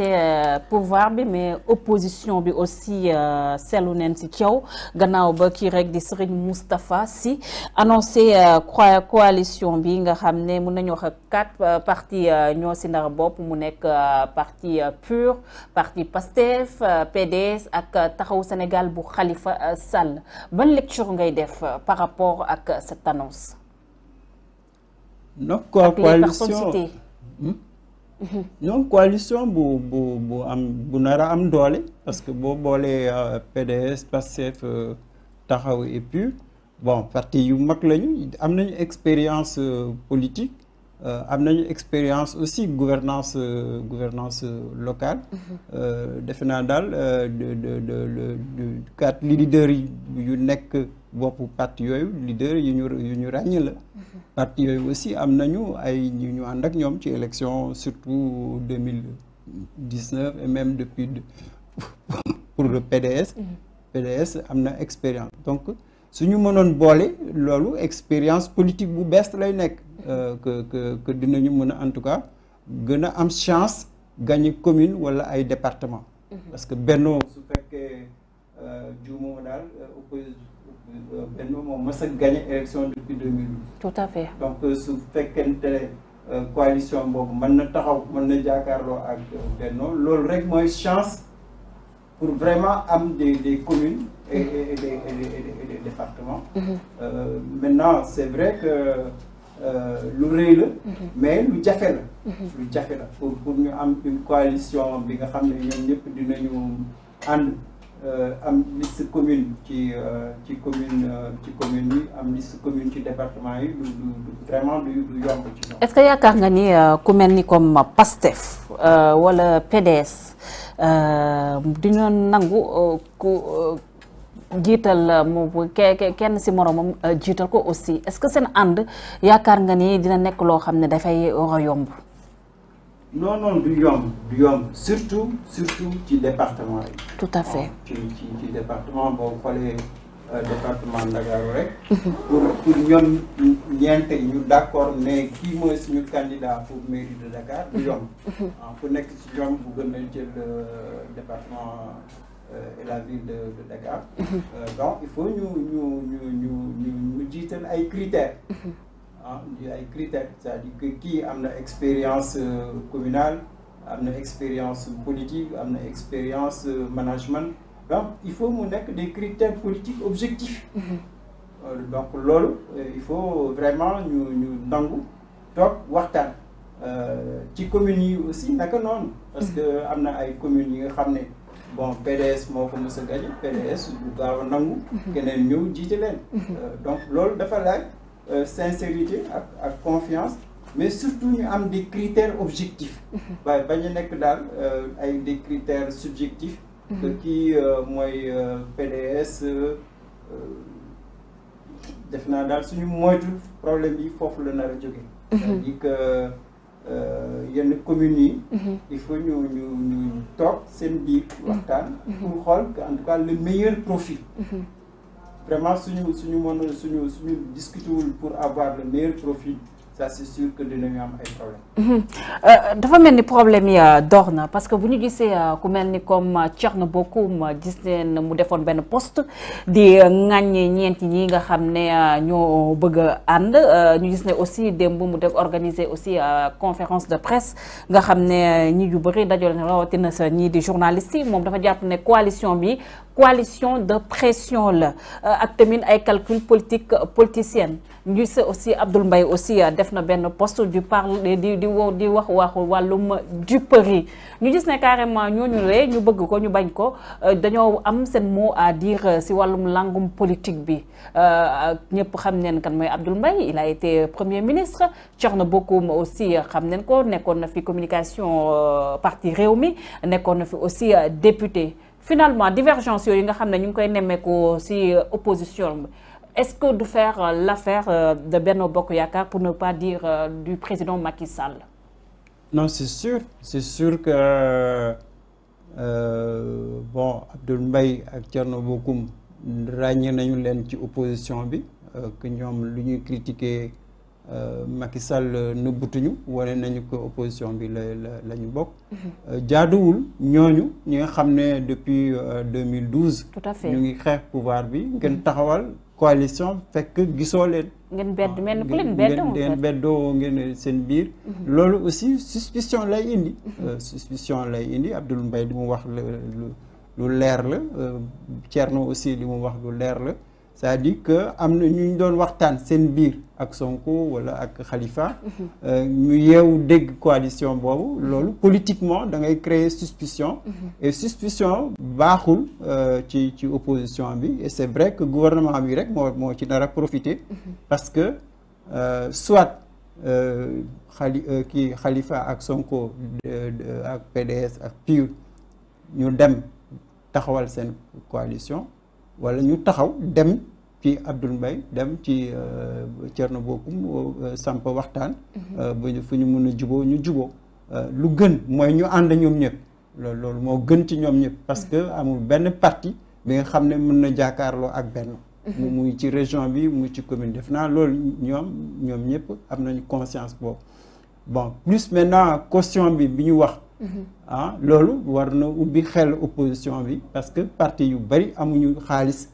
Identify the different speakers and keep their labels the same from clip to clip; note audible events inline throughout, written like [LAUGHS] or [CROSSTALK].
Speaker 1: te eh, pouvoir bi mais opposition bi aussi eh, seetlu neen si Thiaw gannaaw ba kii rek di Serigne Moustapha si annoncé eh, croix coalition bi nga xam ne mun nañu wax ak quatre partis ñoo si ndar bopp mu nekk parti PUR parti PASTEF PDS ak Taxawu Sénégal bu xalifa Sall ban lecture ngay def par rapport ak cette annonce.
Speaker 2: ñoom coalition bu bu bu am bu nar a am doole parce que boo boolee euh, PDS PASTEF euh, taxaw et puis bon parti yu mag lañu am nañu expérience euh, politique Euh, am nañu expérience aussi gouvernance euh, gouvernance locale mhm. euh, defe naa daal de de de de quatre leaders yu nekk boppu parti yooyu leader yu ñu yu ñu ràññ la mhm. parti yooyu aussi am nañu ay ñu ñu ànd ak ñoom ci élection surtout deux mille dix neuf et même depuis [LAUGHS] pour le PDS mhm. PDS am na expérience donc suñu mënoon boole loolu expérience politique bu bees lay nekk Euh, que que que dinañu mën a en tout cas gën a am chance gagner commune wala ay département mhm. parce que Benno su fekkee euh, juumoo daal euh, Benno moom mas a gagné élection depuis 2012. tout à fait donc su fekkente coalition boobu mën na taxaw mën na jàkkaarloo ak Benno loolu rek mooy chance pour vraiment am de des communes et, et, c'est vrai que Euh, lu rëy la. Mhm. mais lu jafe la. Mhm. lu jafe la pour pour ñu am une coalition bi nga xam ne ñoom ñëpp dinañu ànd euh, am liste commune ci euh, ci commune ci commune yi am liste commune ci département yi du du vraiment du yomb ci
Speaker 1: ñoom. est-ce yaakaar nga ni ku mel ni comme PASTEF wala PDS dinañ nangu ku. jiital euh, mu ke kenn si moroomam euh, jiital ko aussi est-ce que seen ànd yaakaar nga ni dina nekk loo xam ne dafay war yomb.
Speaker 2: non non du yomb du yomb surtout surtout ci département yi. tout à fait ci ci ci département boo xoolee euh, département Ndakaaru rek. pour ñoom ñeente ñu d'accord mais kii mooy suñu candidat pour mairie de Dakar du yomb. [LAUGHS] Ah, ku nekk si ñoom bu gën a jël département. e la ville de de Dakar. Mhm. Euh, donc il faut ñu ñu ñu ñu ñu ñu jiital ay critères. Mhm. ah ay critères c'est-à-dire que kii am na expérience euh, communale am na expérience politique am na expérience management donc il faut mu nekk des critères politiques objectifs. Mhm. donc loolu il faut vraiment ñu ñu nangu toog waxtaan. ci commune yi aussi naka noon parce que am na ay communes yi nga xam ne. bon PDS moo ko mës a gañe PDS du gaaw a nangu mhm. keneen ñëw jiite leen mhm. euh, donc loolu dafa laaj euh, sincérité ak ak confiance mais surtout ñu am des critères objectifs mhm. waaye bañ a nekk daal euh, ay des critères subjectifs ki kii mooy PDS def naa daal suñu moytu problème yi foofu la nar a jóge cest à Euh, yenn communes yi. Mhm. il faut ñu ñu ñu toog seen biir. Mhm. waxtaan mhm. pour xool en tout cas le meilleur profil. vraiment suñu suñu mën suñu suñu discuter wul pour avoir le meilleur profil. ça
Speaker 1: mhm. euh, dafa mel ni problème yi euh, dox na parce que bu ñu gisee euh, ku mel ni comme Thierno Bocoum gis neen mu defoon benn post di ŋàññee ñeenti ñi nga xam ne ñoo bëgg a ànd ñu gis ne aussi démb mu def organiser aussi conférence de presse nga xam ne ñi ju bëri dajoo leen rawatina sa ñii di journaliste yi moom dafa jàpp ne coalition bi coalition de pression la euh, ak tamit ay calcul politique euh, politicienne ñu se aussi Abdoul mbay aussi euh, def na benn poste du parle di di wo di wax wax wàllum duperie ñu gis ne carrément ñooñu ree ñu bëgg ko ñu bañ ko dañoo am seen mot à dire si wàllum langum politique bi ñëpp xam neen kan mooy Abdoul mbay il a été premier ministre Thierno Bocoum aussi xam neen ko nekkoon na fi communication réew mi nekkoon na fi aussi député finalement divergence yooyu nga xam ne ñu ngi koy nemmeeku ci opposition bi est-ce que du faire euh, l'affaire euh, de benn Bokk Yaakaar pour ne pas dire euh, du président Macky Sall.
Speaker 2: non c'est sûr c'est sûr que euh, bon ak Thierno Bocoum ràññee nañu leen ci opposition bi que ñoom lu ñuy critiquer Euh, Macky Sall euh, nëbbutuñu wane nañu ko opposition bi la la ñu bokk. Mhm. Euh, jaaduwul ñooñu ñi nga xam ne depuis 2012. tout à fait ñu ngi xeex pouvoir bi mhm. ngeen taxawal coalition fekk gisoo leen.
Speaker 1: ngeen bedd ah, mel ku leen beddoo ngeen
Speaker 2: beddoo seen biir. Mhm. loolu aussi suspicion lay indi. suspicion lay indi Abdoul mbay li mu wax lu lu leer la Thierno aussi li mu wax lu leer la cest dire que am na ñu doon waxtaan seen biir. ak Sonko wala ak Khalifa. Euh, ñu yeewu dégg coalition boobu loolu politiquement da ngay créer suspicion. et suspicion baaxul euh, ci ci opposition bi et c'est vrai que gouvernement bi rek moo moo ci nar a parce que euh, soit. xali kii Khalifa ak Sonko ak PDS ak PUR ñu dem taxawal seen coalition wala ñu taxaw dem ci Abdoul mbay dem ci cerno euh, Bocoum euh, samp waxtaan. Mhm. Euh, bu fu ñu mun a juboo ñu juboo lu gën mooy ñu ànd ñoom ñëpp loolu loolu moo gën ci ñoom ñëpp. parce que mhm. amul benn parti bi nga xam ne mën na jàkkaarloo ak benn. Mhm. mu muy ci région bi mu ci commune def naa loolu ñoom ñoom ñëpp am nañu conscience boobu bon plus maintenant caution bi bi ñu wax. ah loolu war na ubbi xel opposition bi parce que parti yu bari amuñu xaalis.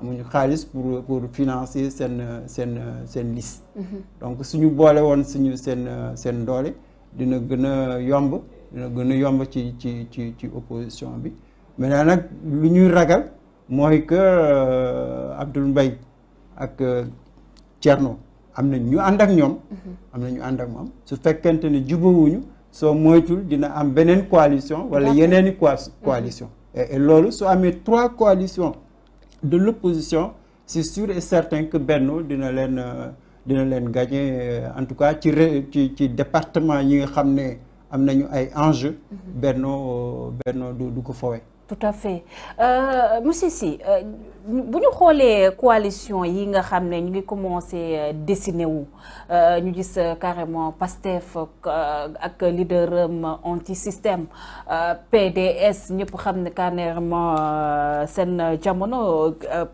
Speaker 2: amuñu xaalis pour pour financer seen seen seen liste. Mhm. donc suñu boole woon suñu seen seen doole dina gën a yomb dina gën a yomb ci ci ci ci opposition bi mais nag lu ñuy ragal mooy que euh, Abdoul Mbaye ak euh, Thierno am na ñu ànd ak ñoom. Mhm. am na ñu ànd ak moom su fekkente ne jubawuñu soo moytul dina am beneen coalition. wala yeneeni coalition. Mhm. et loolu su amee trois coalitions. de l'opposition c'est sûr et certain que Benno dina leen euh, dina leen gagner euh, en tout cas ci ci ci département yi nga xam ne am nañu ay enjeux mm-hmm. Benno euh, Benno du du ko fowe
Speaker 1: tout à fait euh, monsieur Sy euh, bu ñu xoolee coalition yi nga xam ne ñu ngi commencé euh, dessiné wu ñu gis carrément PASTEF ak leader anti système PDS ñëpp xam ne carrément seen jamono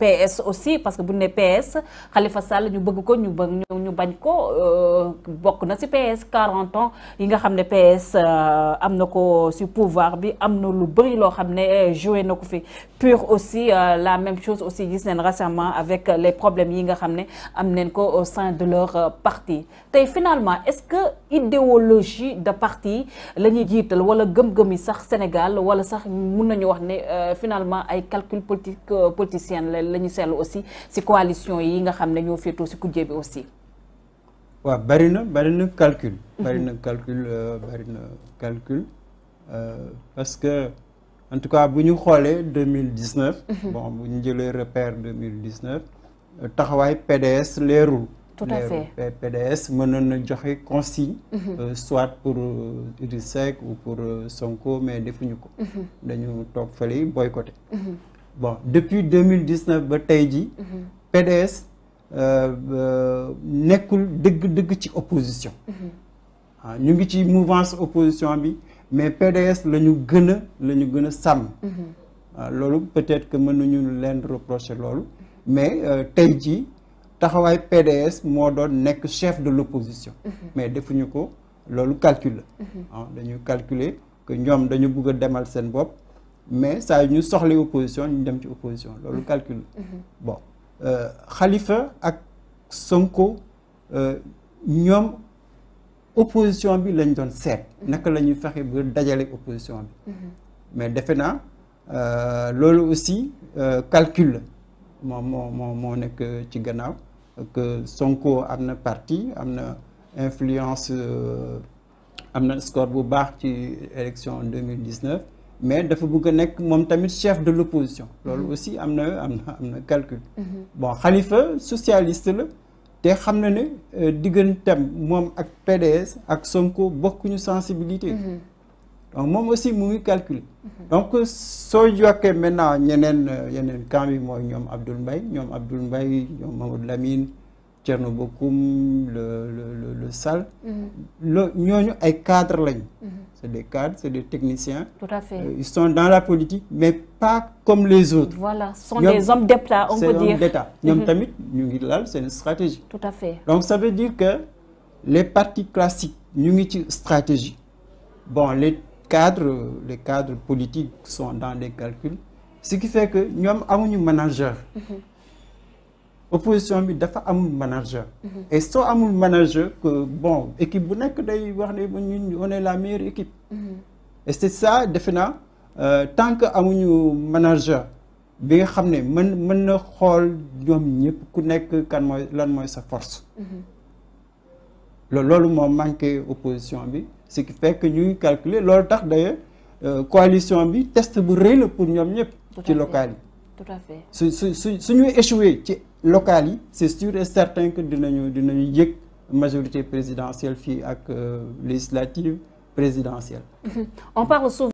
Speaker 1: PS aussi parce que bu ñu ne PS Khalifa Sall ñu bëgg ko ñu bëgg ñu bañ ko bokk na si PS 40 ans yi nga xam ne PS am na ko ci pouvoir bi am na lu bëri loo xam ne. Gueye joué na ko fi pur aussi euh, la même chose aussi gis neen récemment avec euh, les problèmes yi nga xam ne am neen ko au sein de leur euh, parti tey finalement est-ce que idéologie de parti la ñuy jiital wala gëm-gëm yi sax Sénégal wala sax mun nañu wax ne finalement ay calcul politique politicien la ñu seetlu aussi ci coalition yi nga xam ne ñoo féetoo ci kujje bi aussi
Speaker 2: waaw bari na bari na calcul mhm. bari calcul parce que en tout cas bu ñu xoolee 2019. Mhm. bon bu ñu jëlee repère 2019 euh, taxawaay PDS leerul. tout à fait PDS mënoon na joxe consigne. Mhm. Euh, soit pour euh, Idriss Seck ou pour Sonko mais defuñu ko. Mhm. dañu toog fële boycotté. bon depuis 2019 ba tey ji PDS nekkul dëgg-dëgg ci opposition. Ah, ñu ngi ci mouvance opposition bi. mais PDS la ñu gën a la ñu gën a sàmm. Mhm. Ah, loolu peut-être que nañu leen reprocher loolu mais euh, tey jii taxawaay PDS moo doon nekk chef de l'opposition. Mhm. mais defuñu ko loolu calcul la. Mhm. Ah, dañuy calculer que ñoom dañu bugg a demal seen bopp mais saa ñu soxla opposition ñu dem ci opposition loolu calcul la. bon euh, Khalifa ak Sonko euh, ñoom. opposition bi lañ doon seet. Mm-hmm. naka la ñuy fexe ba dajale opposition bi. Mm-hmm. mais defe naa euh, loolu aussi euh, calcul la moom moo moo moo nekk ci gannaaw que Sonko am na parti am na influence euh, am na score bu baax ci élection 2019 mais dafa bugg a nekk moom tamit chef de l'opposition loolu mm-hmm. aussi am na am na calcul. bon Khalifa socialiste la. te xam na ne euh, diggantam moom ak PDS ak Sonko bokkuñu sensibilité. Mhm. donc moom aussi mu ngi calculer. Mhm. donc soo jokkee maintenant ñeneen euh, yeneen camp yi mooy ñoom Abdoul mbay ñoom Abdoul Mbaye ñoom Mamadou Lamine. Thierno Bocoum le le le, le Sall.
Speaker 1: Mhm.
Speaker 2: lo ay cadres lañu. Mhm. c'est des cadres c'est des techniciens. tout à fait euh, ils sont dans la politique mais pas comme les autres.
Speaker 1: voilà ce sont des hommes d'État on peut dire ñoom mhm. tamit
Speaker 2: ñu ngi laal seen stratégie. tout à fait donc ça veut dire que les partis classiques ñu ngi ci stratégie bon les cadres les cadres politiques sont dans les calculs ce qui fait que ñoom amuñu manager. Mm -hmm. opposition bi dafa amul manager mhm. et soo amul manager que bon équipe bu nekk day wax ne ñun on est la meilleure équipe mhm. et c'est ça defe naa euh, tant que amuñu manager bi nga xam ne mën mën na xool ñoom ñëpp ku nekk kan mooy lan mooy sa force mhm. loolu moo manqué opposition bi ce qui fait que ñuy calculer loolu tax d'ailleurs euh, coalition bi test bu rëy la pour ñoom ñëpp ci local yi su su su suñuy échoué ci locales yi c' est sûr et certain que dinañu dinañu yëg majorité présidentielle fii ak euh, législative présidentielle.
Speaker 1: [LAUGHS] on parle souvent